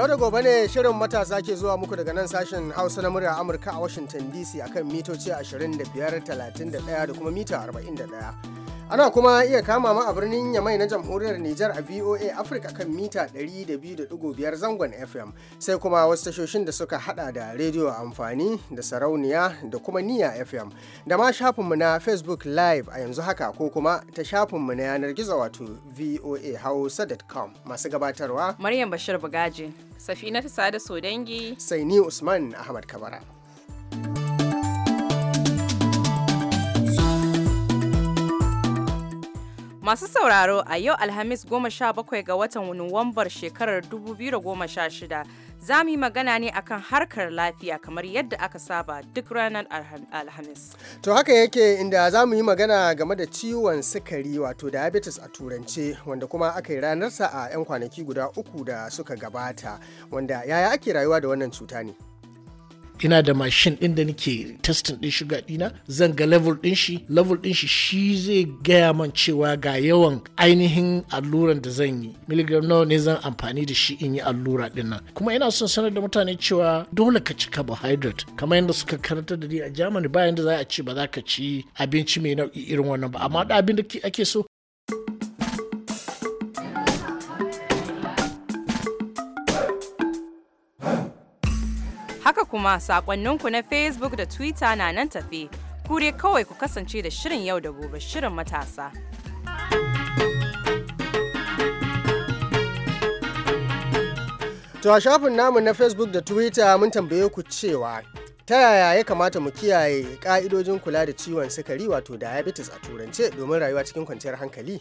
Yau da gobe ne shirin matasa ke zuwa muku daga nan sashen Hausa na murya Amurka a Washington DC akan mitoci 25, 31 da kuma mita 41. Ana kuma iya kama ma a birnin Yamai na jamhuriyar Nijar a VOA Africa kan mita 200.5 zangon FM sai kuma wasu tashoshin da suka hada da rediyo amfani da sarauniya da kuma niya FM da ma shafinmu na Facebook Live a yanzu haka ko kuma ta shafinmu na yanar gizo wato voa voahausa.com masu gabatarwa Maryam Bashir Bugaji Safina Sada so Sai ni Usman Ahmad Kabara. Masu sauraro a yau Alhamis 17 ga watan Nuwambar shekarar 2016 za mu yi magana ne akan harkar lafiya kamar yadda aka saba duk ranar alhamis. To haka yake inda za mu yi magana game da ciwon sukari wato diabetes a turance wanda kuma aka yi ranarsa a 'yan kwanaki guda uku da suka gabata wanda yaya ake rayuwa da wannan cuta ne? ina da mashin din da nake testin din shuga dina zan ga level din shi level din shi shi zai gaya man cewa ga yawan ainihin alluran da zan yi miligram nawa ne zan amfani da shi in yi allura din nan kuma ina son sanar da mutane cewa dole ka ci carbohydrate kamar yadda suka karanta da ni a Germany bayan da za a ce ba za ka ci abinci mai nau'i irin wannan ba amma da abin da ake so Haka kuma sakonninku na Facebook da Twitter na nan tafe. Kure kawai ku kasance da shirin yau da gobe shirin matasa. To a shafin namu na Facebook da Twitter mun tambaye ku cewa ta yaya ya kamata mu kiyaye ka'idojin kula da ciwon sukari wato diabetes a turance domin rayuwa cikin kwanciyar hankali.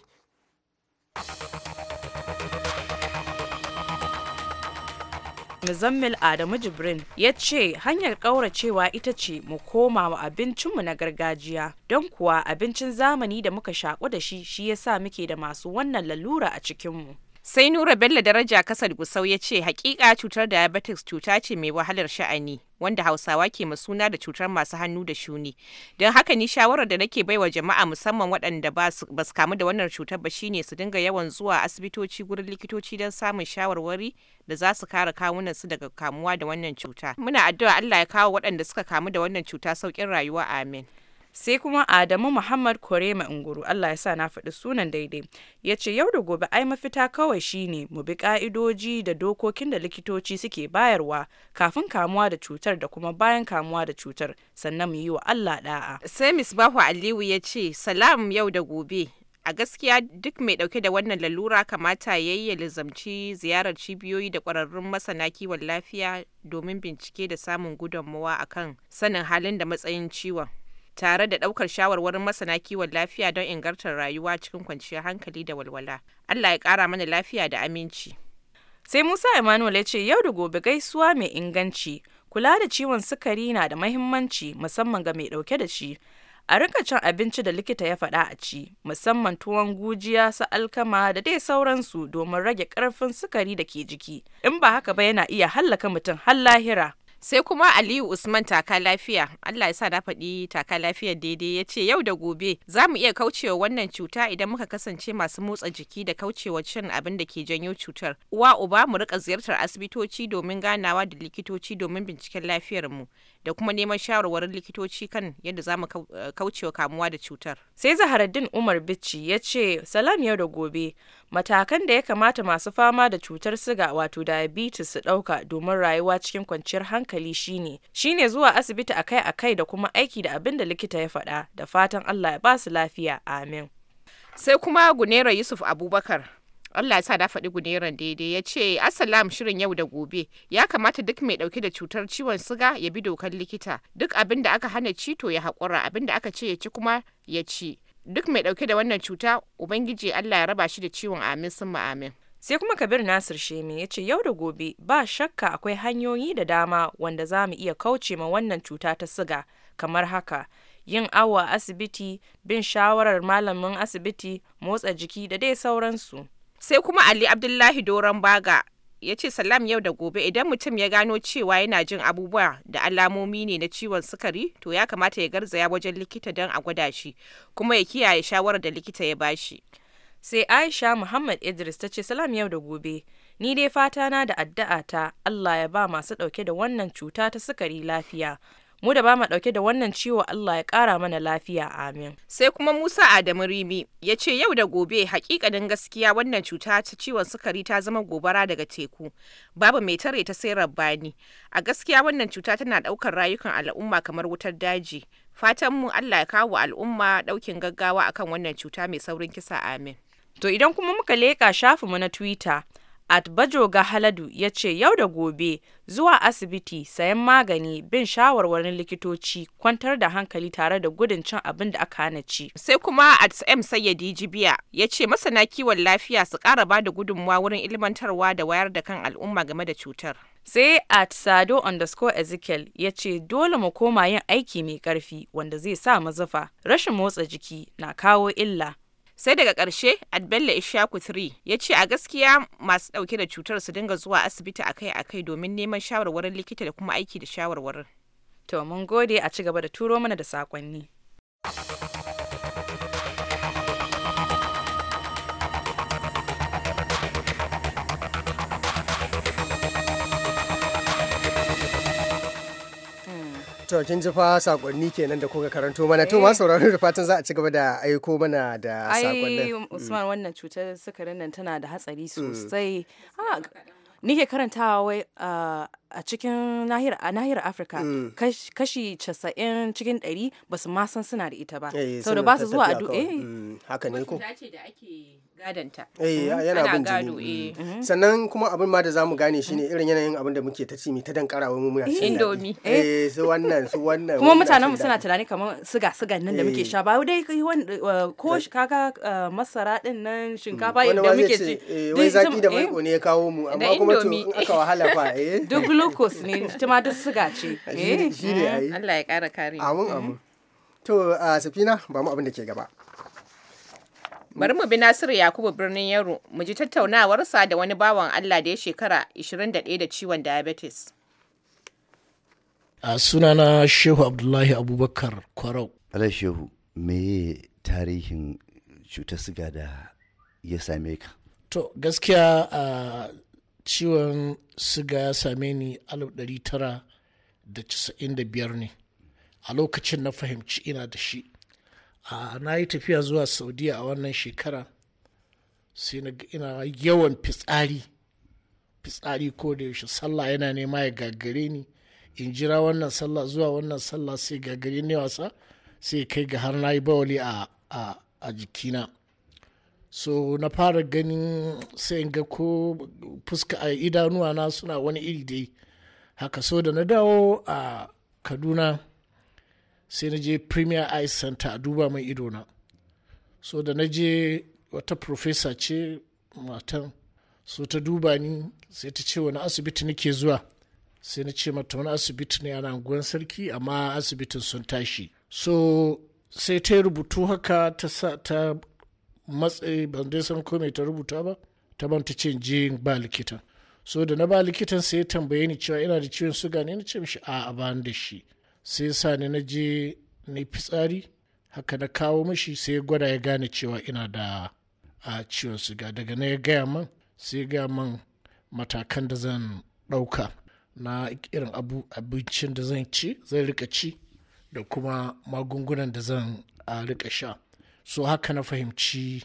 Muzammil Adamu Jibrin ya ce hanyar ƙauracewa ita ce mu koma wa abincinmu na gargajiya don kuwa abincin zamani da muka shaƙu da shi shi ya sa muke da masu wannan lalura a cikinmu. Sai Nura Bello Daraja Kasar Gusau ya ce hakika cutar diabetes cuta ce mai wahalar sha'ani wanda hausawa ke masuna da cutar masu hannu da shuni don haka ni shawarar da nake baiwa jama'a musamman waɗanda ba su kamu da wannan cutar ba shine su dinga yawan zuwa asibitoci gurin likitoci don samun shawarwari da za su kare kawunan su daga kamuwa da wannan cuta muna addu'a Allah ya kawo waɗanda suka kamu da wannan cuta saukin rayuwa amin sai kuma Adamu Muhammad Korema unguru Allah ya sa na faɗi sunan daidai ya ce yau da gobe ai mafita kawai shine mu bi ka'idoji da dokokin da likitoci suke bayarwa kafin kamuwa da cutar da kuma bayan kamuwa da cutar sannan mu yi wa Allah da'a sai Misbahu Aliyu ya ce salam yau da gobe a gaskiya duk mai dauke da wannan lalura kamata ya yi lizamci ziyarar cibiyoyi da kwararrun masana kiwon lafiya domin bincike da samun gudummawa akan sanin halin da matsayin ciwon tare da ɗaukar shawarwarin masana kiwon lafiya don ingantar rayuwa cikin kwanciyar hankali da walwala. Allah ya ƙara mana lafiya da aminci. Sai Musa Emmanuel ya ce yau da gobe gaisuwa mai inganci, kula da ciwon sukari na da mahimmanci musamman ga mai ɗauke da shi. A rika cin abinci da likita ya faɗa a ci, musamman tuwon gujiya su alkama da dai sauransu domin rage ƙarfin sukari da ke jiki. In ba haka ba yana iya hallaka mutum har lahira. sai kuma aliyu usman taka lafiya allah ya sa na faɗi taka lafiyar daidai ya ce yau da gobe za mu iya kaucewa wannan cuta idan muka kasance masu motsa jiki da kaucewa cin abin da ke janyo cutar uwa uba mu rika ziyartar asibitoci domin ganawa da likitoci domin binciken lafiyar mu da kuma neman shawarwarin likitoci kan yadda za mu eh, kaucewa kamuwa da cutar sai zaharaddin umar bicci ya ce salam yau da gobe matakan da ya kamata masu fama da cutar siga wato diabetes su ɗauka domin rayuwa cikin kwanciyar hankali shine shine zuwa asibiti akai-akai da kuma aiki da abin da likita ya faɗa da fatan Allah ya ba su lafiya amin sai kuma gunera yusuf abubakar Allah ya sa da faɗi guneran daidai ya ce asalam shirin yau da gobe ya kamata duk mai ɗauke da cutar ciwon siga ya bi dokar likita duk abin da aka hana ci to ya hakura abin da aka ce ya ci kuma ya ci duk mai ɗauke da wannan cuta ubangiji Allah ya raba shi da ciwon amin sun amin sai kuma kabir nasir shemi ya ce yau da gobe ba shakka akwai hanyoyi da dama wanda za mu iya kauce ma wannan cuta ta siga kamar haka yin awo asibiti bin shawarar malamin asibiti motsa jiki da dai sauransu sai kuma ali abdullahi doron baga ya ce salam yau da gobe idan mutum ya gano cewa yana jin abubuwa da alamomi ne na ciwon sukari to ya kamata ya garzaya wajen likita don a gwada shi kuma ya kiyaye shawarar da likita ya bashi sai aisha muhammad idris ta ce salam yau da gobe ni dai fata na da addu'a ta allah ya ba masu dauke da wannan cuta ta sukari lafiya mu da ba mu dauke da wannan ciwo Allah ya kara mana lafiya amin sai kuma Musa Adamu Rimi ya ce yau da gobe hakikanin gaskiya wannan cuta ta ciwon sukari ta zama gobara daga teku babu mai tare ta sai rabbani a gaskiya wannan cuta tana daukar rayukan al'umma kamar wutar daji fatan mu Allah ya kawo al'umma daukin gaggawa akan wannan cuta mai saurin kisa amin to idan kuma muka leka mu na Twitter atbajoga Haladu ya ce yau da gobe zuwa asibiti, sayan magani, bin shawarwarin likitoci, kwantar da hankali tare da gudun cin abin da aka hana ci. Sai kuma at m Sayyadi Jibiya ya ce masana kiwon lafiya su ƙara ba da gudunmawa wurin ilmantarwa da wayar da kan al'umma game da cutar. sai at sado underscore ezekiel ya ce dole mu koma yin aiki mai ƙarfi wanda zai sa mazufa rashin motsa jiki na kawo illa sai daga ƙarshe adbella ishaku 3 ya ce a gaskiya masu ɗauke da cutar su dinga zuwa asibiti akai-akai domin neman shawarwarin likita da kuma aiki da shawarwarin to mun gode a ci gaba da turo mana da saƙonni. To kin ji fa sakonni kenan da kuka karanto mana to ma sauraro da fatan za a ci gaba da aiko mana da sakonnin. Ai mm. Usman wannan cutar sukarin nan tana da hatsari mm. sosai. Ni ke karantawa wai a cikin nahiyar a nahiyar Afirka mm. kashi casa'in cikin ɗari ba su ma san suna da ita ba. Eh, Sau da ba su zuwa a du'e. Eh. Haka ne ko. da ake gadanta. Eh hmm, yana bin jini. Eh. Hmm. Sannan kuma abin ma da zamu gane shine irin yanayin abin da muke ta ci mai ta dankara wa mu muna Indomi. Eh su wannan su wannan. Kuma mutanen mu suna tunani kamar siga sigan nan da muke eh. sha ba dai eh, ko kaga masara din nan shinkafa inda muke ci. Wai zaki da mai ne ya kawo mu amma kuma to in aka wahala fa eh. Duk glucose ne tuma duk siga ce. Eh. Shine ai. Allah ya kara kare. Amin amin. Hmm. To ah, Safina ba mu abin da ke gaba. Bari mu bi Nasiru Yakubu birnin Yaro mu ji tattaunawarsa da wani bawan Allah da ya shekara 21 da ciwon diabetes. A sunana Shehu Abdullahi Abubakar Kwarau. Alai Shehu, me tarihin cutar siga da ya same ka? To gaskiya a ciwon siga ya same ni 1995 ne. A lokacin na fahimci ina da shi. a na yi tafiya zuwa saudiya a wannan shekara sai na ina yawan fitsari fitsari ko da yaushe sallah yana nema ya gagare ni in jira wannan sallah zuwa wannan sallah sai gagare ni wasa sai kai ga har na yi bawali a, a, a jikina so na fara ganin sai ga ko fuska a idanuwa na suna wani iri dai haka so da na dawo a kaduna sai na je premier eye center a duba mai ido na so da na je wata professor ce matan so ta duba ni sai ta ce wani asibiti nake zuwa sai na ce mata wani asibiti ne ana unguwan sarki amma asibitin sun tashi so sai ta rubutu haka ta sa ta matsayi ban dai san ko ta rubuta ba ta ban ta ce je ba likitan so da na ba likitan sai ya tambaye ni cewa ina da ciwon suga ne na ce mishi a a ba da shi sai sa ni na je na fitsari haka na kawo mashi sai ya gwada ya gane cewa ina da a ciwon siga daga na ya gaya man sai ya gaya man matakan da zan ɗauka na irin abincin da zan ci zan rika ci da kuma magungunan da zan rika sha so haka na fahimci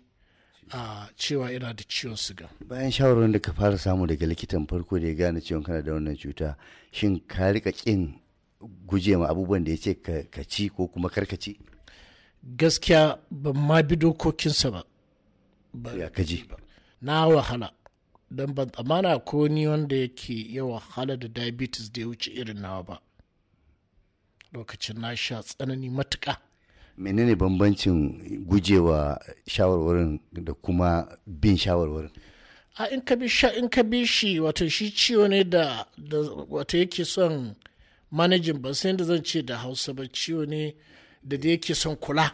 a cewa ina da ciwon siga bayan shawarar da ka fara samu daga likitan farko da ya gane ciwon kana da wannan cuta shin ka rika kin guje ma abubuwan da ya ce ka ci ko kuma karkaci gaskiya ban ma bi dokokinsa ba ya kaji na wahala don ban tsamana ko ni wanda yake ya wahala da diabetes da ya wuce irin nawa ba lokacin na sha tsanani matuka menene bambancin gujewa shawarwarin da kuma bin shawarwarin a in ka bi shi wato shi ciwo ne da wato yake son manajin ban san da zan ce da hausa ba ciwo ne da da yake son kula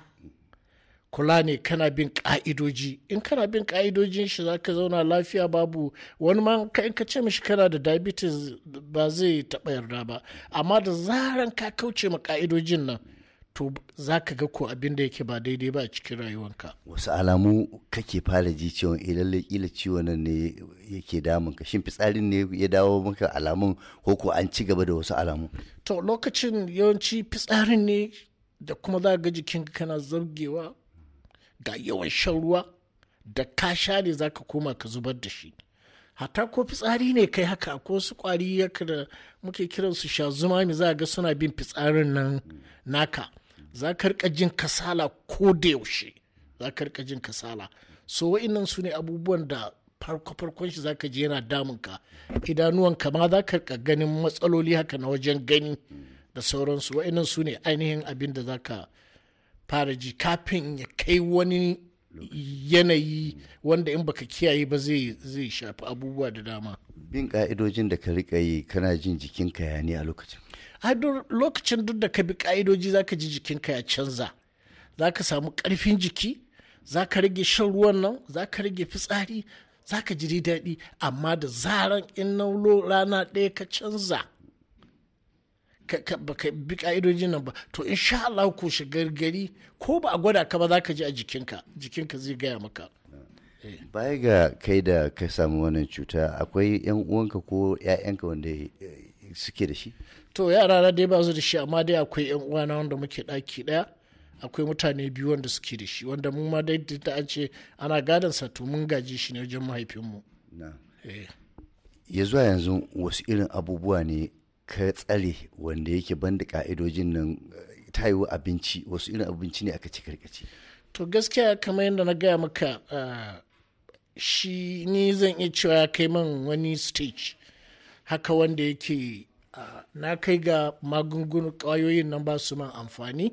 kula ne kana bin ka'idoji in kana bin ka'idojin shi za ka zauna lafiya babu wani ma in ka ce mishi kana da diabetes ba zai taɓa yarda ba amma da zaran ka kauce ma ka'idojin nan to za ka ga ko abin da yake ba daidai ba a cikin rayuwanka wasu alamu kake fara ji ciwon eh, lalle ciwon nan ne yake damun ka shin fitsarin ne ya dawo maka alamun ko ko an ci gaba da wasu alamu to lokacin yawanci fitsarin ne da kuma za ga jikin kana zargewa ga yawan shan ruwa da ka sha ne za ka koma ka zubar da shi hatta ko fitsari ne kai haka ko su kwari yaka da muke kiran su sha za ga suna bin fitsarin nan naka za ka rika jin kasala ko da yaushe za ka rika jin kasala so wa'innan su ne abubuwan da farko-farkon shi za ka ji yana damunka idanuwanka ma za ka rika ganin matsaloli haka na wajen gani da sauransu wa'innan su ne ainihin abin da za ka fara ji kafin ya kai wani yanayi wanda in baka kiyaye ba zai shafi abubuwa da dama bin ka'idojin da ka rika yi kana jin jikinka ya a lokacin har lokacin duk da ka bi ka'idoji za ka ji jikinka ya canza za ka samu ƙarfin jiki za ka rage shan ruwan nan za ka rage fitsari za ka ji daɗi amma da zaran in na rana ɗaya ka canza ka bi ka'idojin nan ba to insha Allah ko shi gari ko ba a gwada ka ba za ka ji a jikinka jikinka zai gaya maka eh. baya ga kai da ka samu wannan cuta akwai yan uwanka ko 'ya'yanka wanda eh, suke da shi to yara na dai ba su da shi amma dai akwai yan uwana wanda muke daki daya akwai mutane biyu wanda suke da shi wanda mu ma dai da an ce ana gadon sa to mun gaji shi ne wajen mahaifinmu eh. ya zuwa yanzu wasu irin abubuwa ne ka tsare wanda yake da ka'idojin nan eh, ta yi abinci wasu irin abinci ne aka ci karkaci to gaskiya kamar yadda na gaya maka eh, shi ni zan iya cewa kai man wani stage haka wanda yake na kai ga magungunan ƙwayoyin nan ba su man amfani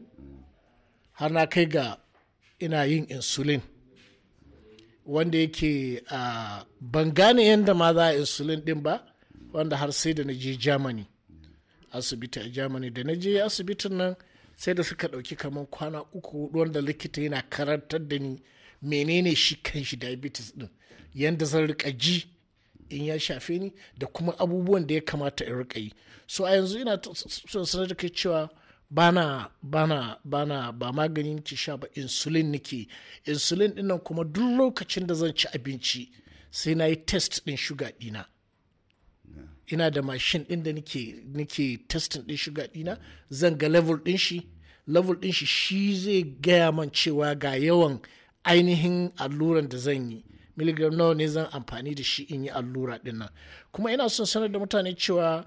har na kai ga ina yin insulin wanda yake ban gane yadda ma za a insulin din ba wanda har sai da na je germany asibiti a germany da na je asibitin nan sai da suka ɗauki kamar kwana uku wanda likita yana karantar da ni menene shi kan shi diabetes din yadda zan rika ji in ya shafe ni da kuma abubuwan da ya kamata in rika yi so a yanzu ina son sanar da kai cewa bana bana bana ba maganin ki sha ba insulin nake insulin dinnan kuma duk lokacin da zan ci abinci sai na yi test din shuga dina ina da mashin din da nake nake testin din shuga dina zan ga level din shi level din shi shi zai gaya man cewa ga yawan ainihin alluran da zan yi miligram nawa ne zan amfani da shi in yi allura din kuma ina son sanar da mutane cewa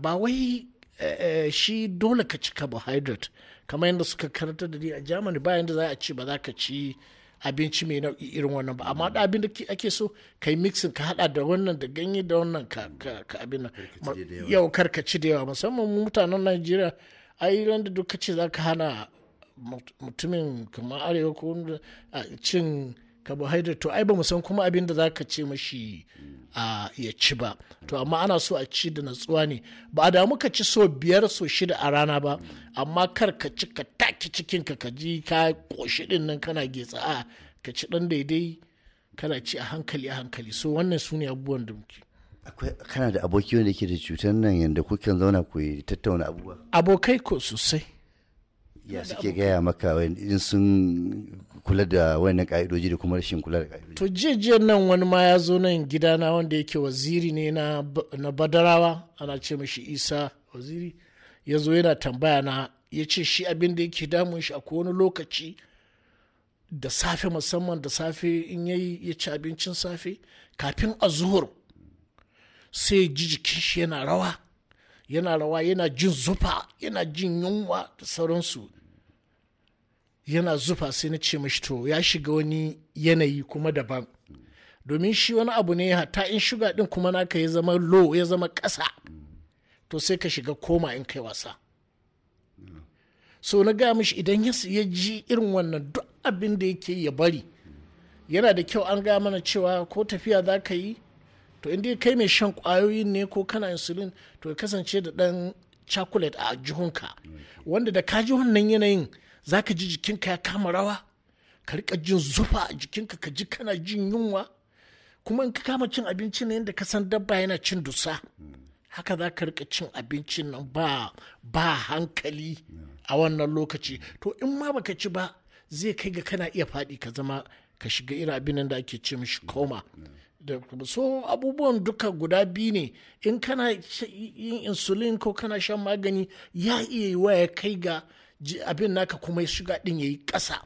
ba wai eh, eh, shi dole ka ci carbohydrate kamar yadda suka karantar da ni a germany bayan da za a ci ba za ka ci abinci mai nau'i irin wannan ba amma da abin da ake so ka yi mixin ka hada da wannan da ganye da wannan ka abin nan yau karkaci da yawa musamman mutanen najeriya ai da duk ce za ka hana mutumin kamar arewa ko cin carbohydrate to ai ba mu san kuma abin da zaka ce mashi a ya ci ba to amma ana so a ci da natsuwa ne ba da muka ci so biyar so shida a rana ba amma kar ka ci ka taki cikin ka ka ji ka koshi din nan kana getsa a ka ci dan daidai kana ci a hankali a hankali so wannan su ne abubuwan da muke akwai kana da aboki wanda yake da cutar nan yadda kuke zauna ku tattauna abubuwa abokai ko sosai ya suke gaya maka in sun kula da ka'idoji da kuma rashin kula da ka'idoji to jiya nan wani ma ya zo nan gidana wanda yake waziri ne na, badarawa ana ce mashi isa waziri ya zo yana tambaya na ya ce shi abin da yake damun shi a wani lokaci da safe musamman da safe in yayi ya ci abincin safe kafin a zuhur sai ji jikin shi yana rawa yana rawa yana jin zufa yana jin yunwa da sauransu yana zufa sai na ce mashi to ya shiga wani yanayi kuma daban domin shi wani abu ne hatta in shuga din kuma naka ya zama lo ya zama kasa to sai ka shiga koma in kai wasa so na gaya mashi idan ya ji irin wannan duk abin da yake ya bari yana da kyau an gaya mana cewa ko tafiya za ka yi to inda kai mai shan kwayoyin ne ko kana insulin to ya kasance da dan chocolate a jihunka wanda da ka ji wannan yanayin za ka ji jikinka ya kama rawa ka rika jin zufa a jikinka ka ji kana jin yunwa kuma in ka kama cin abinci na yadda ka san dabba yana cin dusa haka za ka rika cin abincin nan ba ba hankali a wannan lokaci to in ma baka ci ba zai kai ga kana iya faɗi ka zama ka shiga irin abin da ake ce mishi koma da so abubuwan duka guda biyu ne in kana yin insulin ko kana shan magani ya iya yi wa ya kai ga ji abin naka kuma shiga din yayi ƙasa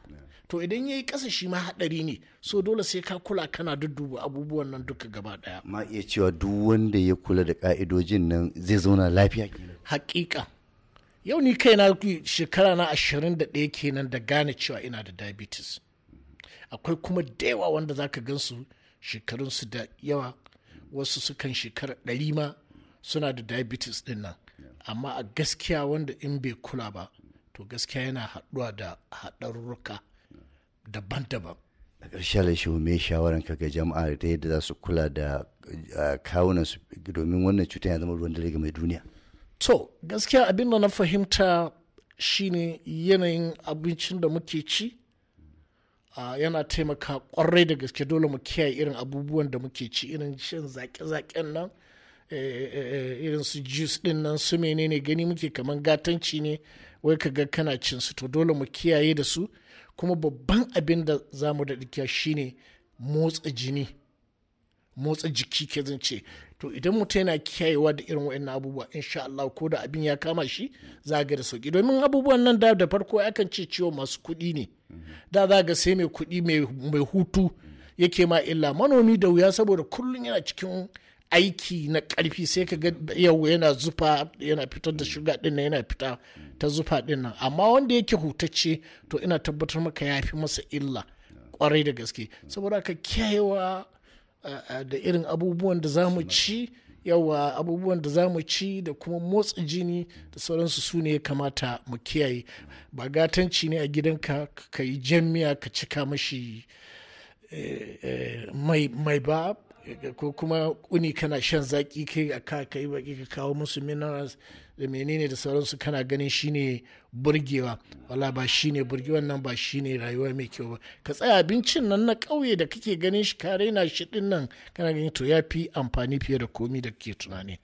to idan yayi ƙasa shi ma haɗari ne so dole sai ka kula kana dudduba abubuwan nan duka gaba ɗaya ma iya cewa duk wanda ya kula da ka'idojin nan zai zauna lafiya hakika yau ni kaina shekara na ashirin da 21 kenan da gane cewa ina da diabetes akwai kuma da yawa wanda zaka gansu shekarunsu da yawa wasu sukan shekara ɗari ma suna da diabetes ɗin nan amma a gaskiya wanda in bai kula ba to gaskiya yana haɗuwa da haɗarurruka daban-daban a ƙarshe alishewa me shawaran ka ga jama'a ta yadda za su kula da kawunan su domin wannan cutar ya zama ruwan dare ga mai duniya to gaskiya abin da na fahimta shine yanayin abincin da muke ci yana taimaka kwarai da gaske dole mu kiyaye irin abubuwan da muke ci irin shan zaƙe-zaƙen nan eh, eh, eh, irin su juice din nan su menene gani muke kamar gatanci ne wai ka ga kana cin su to dole mu kiyaye da su kuma babban abin da za mu da dukiya shine motsa jini motsa jiki ke zance to idan mutum yana kiyayewa da irin wa'in abubuwa insha Allah ko da abin ya kama shi za ga da sauki domin abubuwan nan da da farko akan ce ciwo masu kuɗi ne da za ga sai mai kuɗi mai hutu yake ma illa manomi da wuya saboda kullum yana cikin aiki na karfi sai ka ga yau yana zufa yana fitar da shuga din yana fita ta zufa din amma wanda yake hutacce to ina tabbatar maka ya fi masa illa kwarai da gaske saboda ka kiyayewa da irin abubuwan da za mu ci yawa abubuwan da za mu ci da kuma motsa jini da sauransu su ne ya kamata mu kiyaye ba gatanci ne a gidanka ka yi jamiya ka cika mashi eh, eh, mai ba ko kuma kuni kana shan zaki kai a ka baki ka kawo musu minerals da menene da sauransu kana ganin shine burgewa wala ba shine burgewa nan ba shine rayuwa mai kyau ba ka tsaya abincin nan na ƙauye da kake ganin shi kare na shi din nan kana ganin to ya fi amfani fiye da komi da kake tunani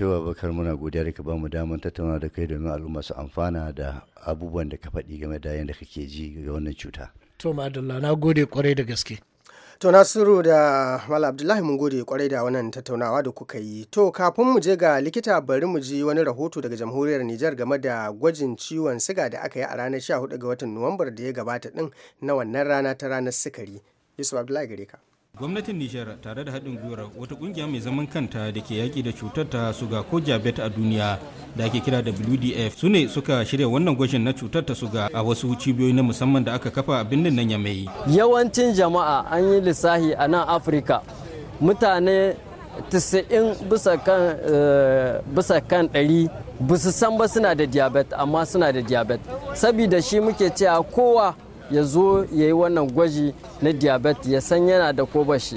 wa bakar muna godiya da ka ba mu damar tattauna da kai domin al'umma su amfana da abubuwan da ka faɗi game da yadda kake ji ga wannan cuta. To madalla na gode kwarai da gaske. To Nasiru da Mala Abdullahi mun gode kwarai da wannan tattaunawa da kuka yi. To kafin mu je ga likita bari mu ji wani rahoto daga jamhuriyar Nijar game da gwajin ciwon siga da aka yi a ranar 14 ga watan Nuwambar da ya gabata din na wannan rana ta ranar sikari. Yusuf Abdullahi gare ka. Gwamnatin Nijar tare da haɗin gwiwar wata ƙungiya mai zaman kanta da ke yaƙi da cutar ta suga ko jabet a duniya da ake kira WDF su ne suka shirya wannan gwajin na cutar ta suga a wasu cibiyoyi na musamman da aka kafa a birnin nan ya mai. Yawancin jama'a an yi lissahi a nan Afirka mutane 90 bisa kan eh, bisa kan ba su san ba suna da diabet amma suna da diabet saboda shi muke cewa kowa ya zo ya yi wannan gwaji na diabetes ya san yana da ko bashi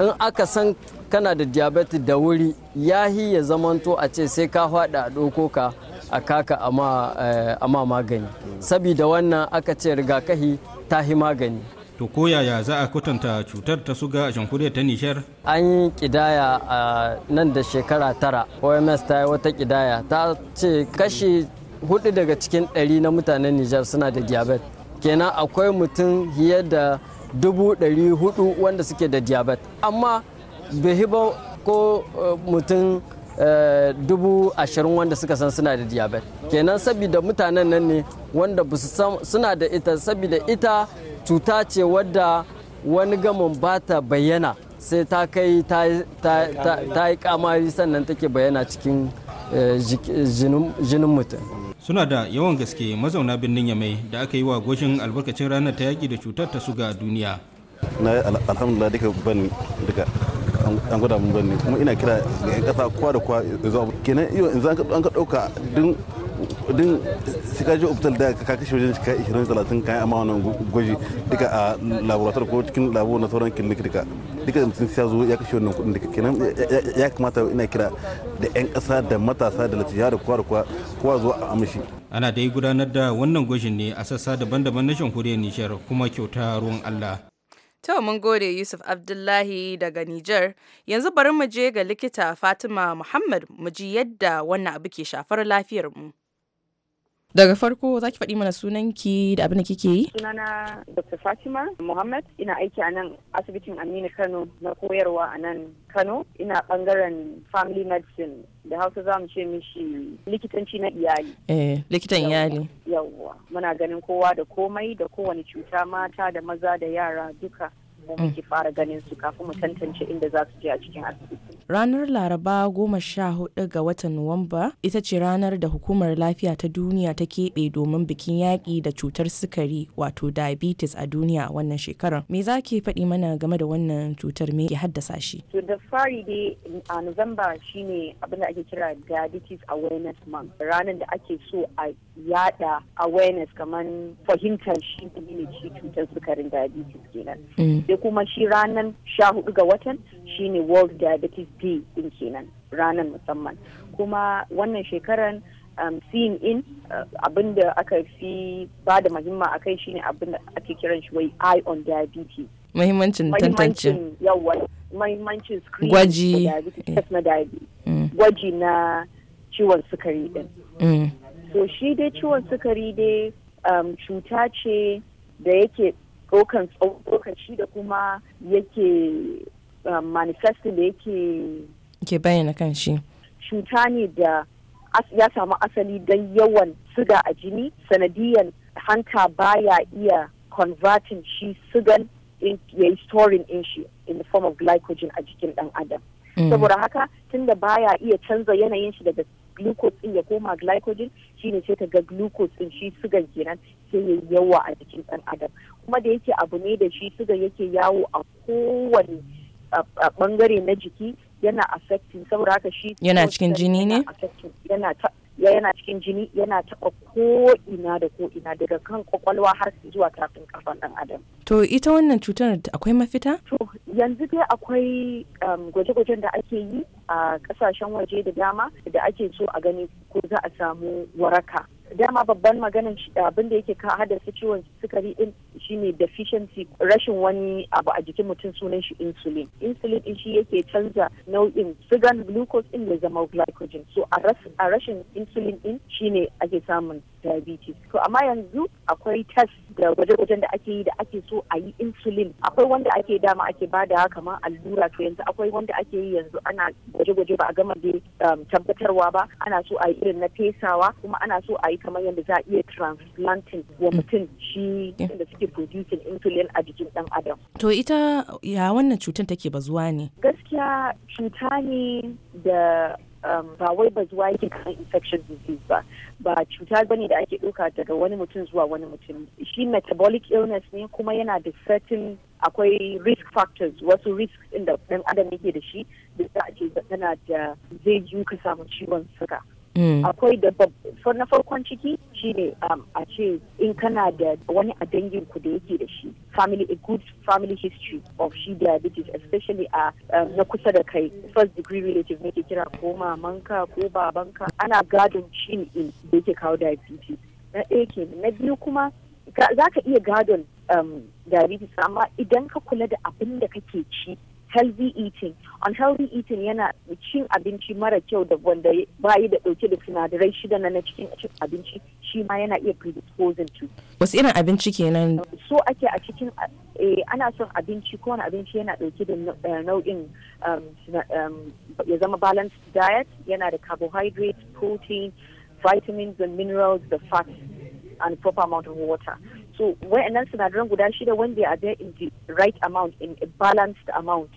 in aka san kana da diabetes da wuri ya yi ya zamanto a ce sai ka faɗa a ɗauko a kaka eh, a ma magani sabida wannan aka ce rigakahi ta yi magani to koyaya za a kwatanta cutar ta suga a shankure ta nishar an yi kidaya a nan da shekara tara oms ta yi wata kidaya ta ce kashi hudu daga cikin ɗari na mutanen nijar suna da diabetes kenan akwai mutum fiye da dubu ɗari hudu wanda suke da diabetes amma bai ba ko eh, mutum eh, dubu ashirin wanda suka san suna da diabetes kenan saboda mutanen nan ne wanda ba su san suna da ita saboda ita cuta ce wadda wani gamin ba ta bayyana sai ta kai ta yi kamari sannan take bayyana cikin eh, jinin mutum suna da yawan gaske mazauna birnin yamai da aka yi wa goshin albarkacin ranar ta yaƙi da cutar ta su ga duniya na alhamdulillah duka ban duka an gwada mun bani kuma ina kira ga 'yan kasa kwa da kwa zuwa kenan iyo in za an ka ɗauka duk din ka ji optal da ka kashe wajen shiga 20 30 kai amma wannan gwaji duka a laboratory ko cikin labo na sauran clinic duka duka da mutum sai zo ya kashe wannan kuɗin duka kenan ya kamata ina kira da 'yan kasa da matasa da latiya da kowa da kowa kowa zo a amshi ana dai gudanar da wannan gwajin ne a sassa daban-daban na jamhuriyar Nijar kuma kyauta ruwan Allah To mun gode Yusuf Abdullahi daga Nijar. Yanzu bari mu je ga likita Fatima Muhammad mu ji yadda wannan abu ke shafar lafiyar mu. Daga farko za ki faɗi mana sunan ki da abin da kike yi? Sunana Dr. Fatima Muhammad ina aiki a nan asibitin Aminu Kano na koyarwa a nan Kano ina bangaren family medicine da hausa za mu ce mishi likitanci na iyali. Eh, likitan iyali. Yawwa, muna ganin kowa da komai da kowane cuta mata da maza da yara duka. mu muke fara ganin su kafin mu tantance inda za su je a cikin asibiti. Ranar Laraba goma sha hudu ga watan Nuwamba ita ce ranar da hukumar lafiya ta duniya ta keɓe domin bikin yaƙi da cutar sukari wato diabetes a duniya wannan shekarar. Me za ki faɗi mana game da wannan cutar me ke haddasa shi? To da fari dai a Nuwamba shine abin da ake kira diabetes awareness month ranar da ake so a yada awareness kamar fahimtar shi ne cutar sukarin diabetes kenan. Mm. kuma shi ranar sha hudu ga watan shine world diabetes day din kenan ranar musamman kuma wannan shekaran um, seeing in uh, abinda aka fi ba da muhimma a kai shine abinda ake kiran shi wai eye on diabetes muhimmancin tantance yawa muhimmancin screen gwaji eh. na diabetes mm. gwaji na ciwon sukari din mm. so shi dai ciwon sukari dai um, cuta ce da yake tsokan tsawon shi da kuma yake uh, manifesto da yake ke bayyana kan shi cuta ne da ya samu asali don yawan siga a jini sanadiyan hanta baya iya converting shi sigan ya yi storing in shi in the form of glycogen a jikin dan adam mm. saboda haka tunda baya iya canza yanayin shi daga glucose din ya koma glycogen shine sai ka ga glucose din shi sugan kenan sai ya yawa a jikin ɗan adam kuma da yake abu ne da shi sugan yake yawo a kowane bangare na jiki yana affecting saboda haka shi yana cikin jini ne yana cikin jini yana taɓa ko ina da ko ina daga kan kwakwalwa har zuwa tafin kafan ɗan adam to ita wannan cutar akwai mafita to yanzu dai akwai um, gwaje-gwajen da ake yi a kasashen waje da dama da ake so a gani ko za a samu waraka dama babban maganin abin da yake haddasa ciwon sukari din shine deficiency rashin wani abu a jikin mutum sunan shi insulin insulin din shi yake canza nau'in sugan glucose din da zama glycogen so a rashin insulin din shine ake samun diabetes to amma yanzu akwai test da gwaje-gwajen da ake yi da ake so a yi insulin akwai wanda ake dama ake bada kamar allura to yanzu akwai wanda ake yi yanzu ana gwaje-gwaje ba a gama da um, tabbatarwa ba ana so a yi irin na fesawa kuma ana so a yi kamar yadda za a iya transplanting wa mm. mutum shi da suke producing insulin a jikin ɗan adam to ita ya wannan cutar take bazuwa ne gaskiya cuta ne da Um, ba wai ba zuwa yake kan infection disease ba ba cuta bane da ake ɗauka daga wani mutum zuwa wani mutum shi metabolic illness ne kuma yana da certain akwai risk factors wasu risk ɗin da ɗan adam yake da shi da za a ce tana da zai yiwu ka samu ciwon suka Mm. akwai da na farkon ciki shine um, a ce in kana da wani a dangin ku da yake da shi family a good family history of shi diabetes especially a um, na kusa da kai first degree relative ne ke kira ko mamanka ko babanka ana gadon cin in da yake kawo diabetes na ɗaya ke na biyu kuma za ka iya gadon um, diabetes amma idan ka kula da abin da kake ci healthy eating on healthy eating yana cin abinci mara kyau da wanda bayi da dauke da sinadarai shida na cikin abinci shi ma yana iya predisposing to wasu irin abinci kenan so ake a cikin eh, ana son abinci ko wani abinci yana dauke da eh, nau'in um, um, ya zama balanced diet yana da carbohydrates protein vitamins and minerals the fats and proper amount of water so wa'annan sinadaran guda shida when they are there in the right amount in a balanced amount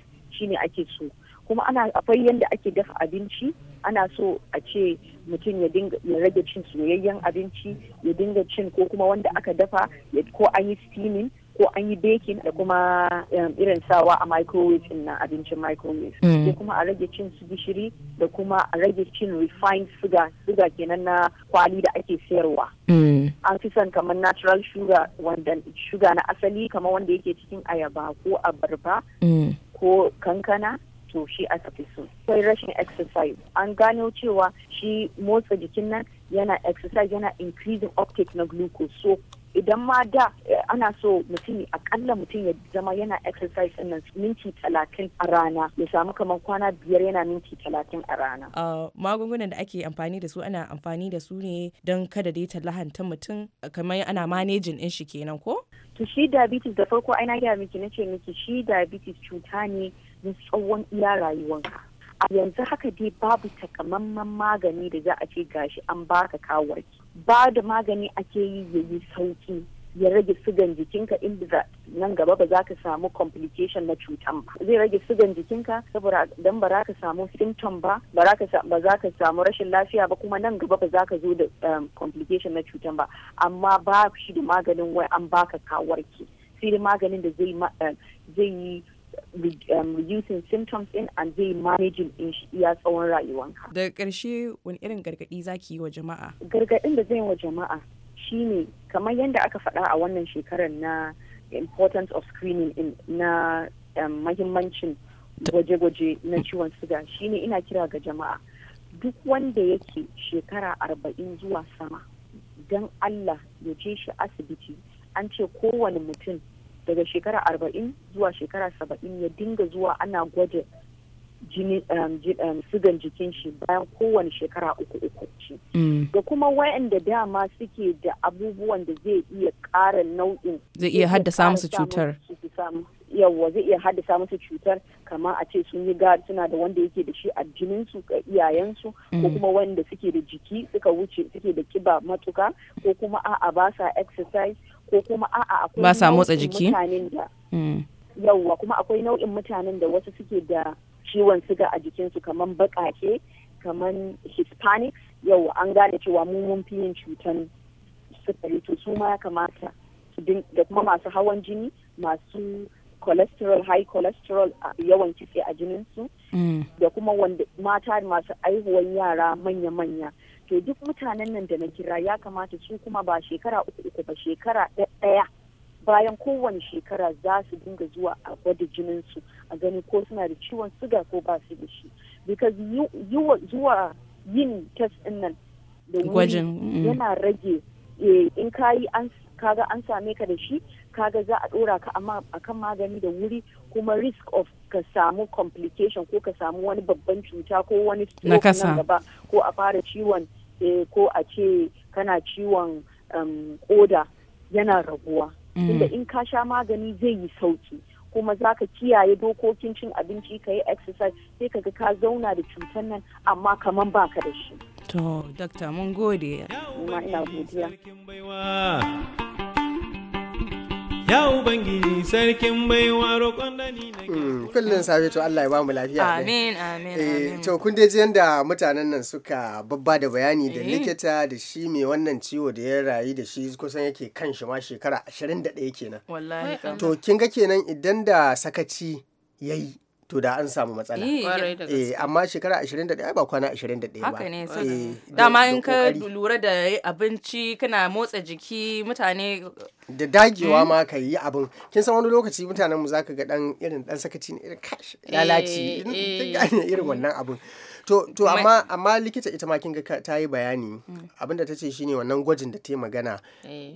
ne ake so kuma ana akwai yadda ake dafa abinci ana so a ce mutum ya dinga rage cin soyayyen abinci ya dinga cin ko kuma wanda aka dafa ko an yi steaming ko an yi baking da kuma um, irin sawa a microwave na abincin microwave mm. sai kuma a rage cin su gishiri da kuma a rage cin refined sugar sugar kenan na kwali da ake sayarwa mm. an fi son kamar natural sugar wanda sugar na asali kamar wanda yake cikin ayaba ko abarba mm. ko kankana to shi aka fi so. Sai rashin exercise an gano cewa shi motsa jikin nan yana exercise yana increasing uptake na glucose so idan ma da eh, ana so mutum akalla mutum ya zama yana exercise nan minti talatin a rana ya samu kamar kwana biyar yana minti talatin a rana. Ah, magungunan da ake amfani da su ana amfani da su ne don kada dai ta lahanta mutum eh, kamar ana manejin din shi kenan ko? to shi diabetes da farko ai na gaya miki nace miki shi diabetes cuta ne na tsawon iya rayuwanka a yanzu haka dai babu takamaiman magani da za a ce gashi an baka kawarki ba da magani ake yi yayi sauki ya rage sigan jikinka in inda nan gaba ba za ka samu complication na cutan ba zai rage sigan jikinka saboda dan ba za ka samu symptom ba ba za ka samu rashin lafiya ba kuma nan gaba ba za ka zo da um, complication na cutan ba amma ba shi da maganin wai an baka kawarki sai da maganin da zai um, yi um, reducing symptoms in and zai managing in iya tsawon rayuwanka. Daga karshe wani irin gargaɗi zaki yi wa jama'a? Gargaɗin da zai yi wa jama'a shine kamar yadda aka faɗa a wannan shekarar na importance of screening in, na um, mahimmancin gwaje-gwaje na ciwon suga shine ina kira ga jama'a duk wanda yake shekara arba'in zuwa sama don allah ya je shi asibiti an ce kowane mutum daga shekara arba'in zuwa shekara saba'in ya dinga zuwa ana gwaje jini um, um, sugan jikin shi bayan kowane shekara uku uku ce mm. da kuma waɗanda dama suke da abubuwan da zai iya ƙara nau'in zai iya haddasa musu cutar yawwa zai iya haddasa musu cutar kamar a ce sun yi gari suna da wanda yake da shi a jininsu ga iyayensu ko mm. kuma wanda suke da jiki suka wuce suke da kiba matuka ko kuma a'a ba sa exercise ko kuma a'a akwai ba sa motsa jiki mutanen da mm. yawwa kuma akwai nau'in mutanen da wasu suke da ciwon suga a jikinsu kamar baƙaƙe kamar hispanics yau an gane cewa mun fi yin cutan sukari to su ma ya kamata da kuma masu hawan jini masu cholesterol high cholesterol yawan kitse a jininsu mm. da kuma wanda mata masu aihuwan yara manya-manya to duk mutanen nan da na kira ya kamata su kuma ba shekara uku uku ba shekara ɗaya bayan kowane shekara za su dinga zuwa a gwada jininsu a gani ko suna da ciwon suga ko ba su da shi because zuwa yin test din nan da wuri yana rage eh, in kayi an kaga an same ka da shi kaga za a dora ka amma akan magani da wuri kuma risk of ka samu complication ko ka samu wani babban cuta ko wani na gaba ko a fara ciwon eh, ko a ce kana ciwon koda um, yana raguwa inda mm. in ka sha magani zai yi sauki kuma za ka kiyaye dokokin cin abinci ka yi exercise sai ka ga ka zauna da cutar nan amma kaman baka da shi to dakta mun gode ina godiya ya ubangiji sarkin baiwa roƙon da hmm, kullum sabe to Allah ya ba mu lafiya amin eh, amin to kun dai ji yanda mutanen nan suka babba da bayani da eh. likita da shi mai wannan ciwo da ya rayu da shi kusan yake kan shi ma shekara 21 kenan wallahi to kin ga kenan idan da sakaci yayi to da an samu matsala eh, eh amma shekara 21 ba kwana 21 ba haka ne eh, dama in ka lura da abinci kana motsa jiki mutane da dagewa hmm? ma ka yi abin kin san wani lokaci mutanen mu zaka ga dan irin dan sakaci ne irin kash lalaci eh, irin wannan abin to to amma amma likita ita ma kin ga ta yi bayani hmm. abinda tace shine wannan gwajin da ta yi magana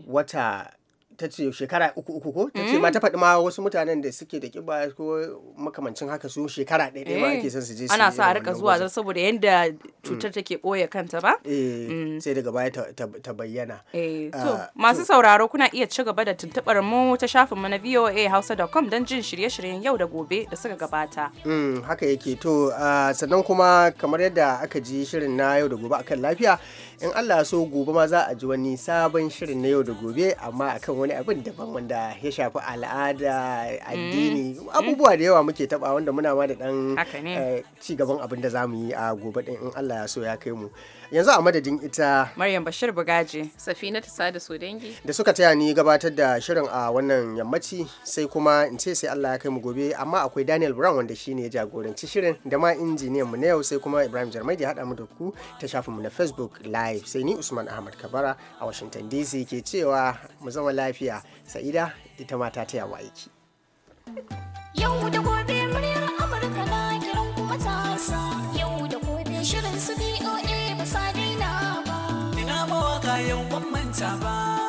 wata ta ce shekara uku uku ko ta ce mm. ma ta faɗi ma wasu mutanen da suke da kiba ko makamancin haka su shekara ɗaya ɗaya ma eh. ake son su je su ana sa a rika zuwa don saboda yadda cutar mm. take ɓoye kanta ba eh, mm. sai daga baya ta bayyana eh, ah, masu sauraro kuna iya ci gaba da tuntuɓar mu ta shafin mu na hausa.com don jin shirye-shiryen yau da gobe da suka gabata haka yake to ah, sannan kuma kamar yadda aka ji shirin na yau da gobe akan lafiya in Allah so gobe ma za a ji wani sabon shirin na yau da gobe amma akan wani wani abin daban wanda ya shafi al'ada addini mm. Mm. abubuwa da yawa muke taba wanda muna ma da dan eh, ci gaban abin da zamu yi a gobe din in Allah ya so ya kai mu yanzu a madadin ita Maryam Bashir Bugaji Safina ta sada so dangi. da suka taya ni gabatar da shirin a wannan yammaci sai kuma in ce sai Allah ya kai mu gobe amma akwai Daniel Brown wanda shine ya jagoranci shirin da ma injiniyan mu na yau sai kuma Ibrahim Jarmai da hada mu da ku ta shafin mu na Facebook live sai ni Usman Ahmad Kabara a Washington DC ke cewa mu zama lafiya lafiya sa'ida ita ma ta taya aiki. Yau da gobe muryar Amurka na kiran kuma ta yau da gobe shirin su BOA ba sa daina ba. Ina mawaka yau ban manta ba.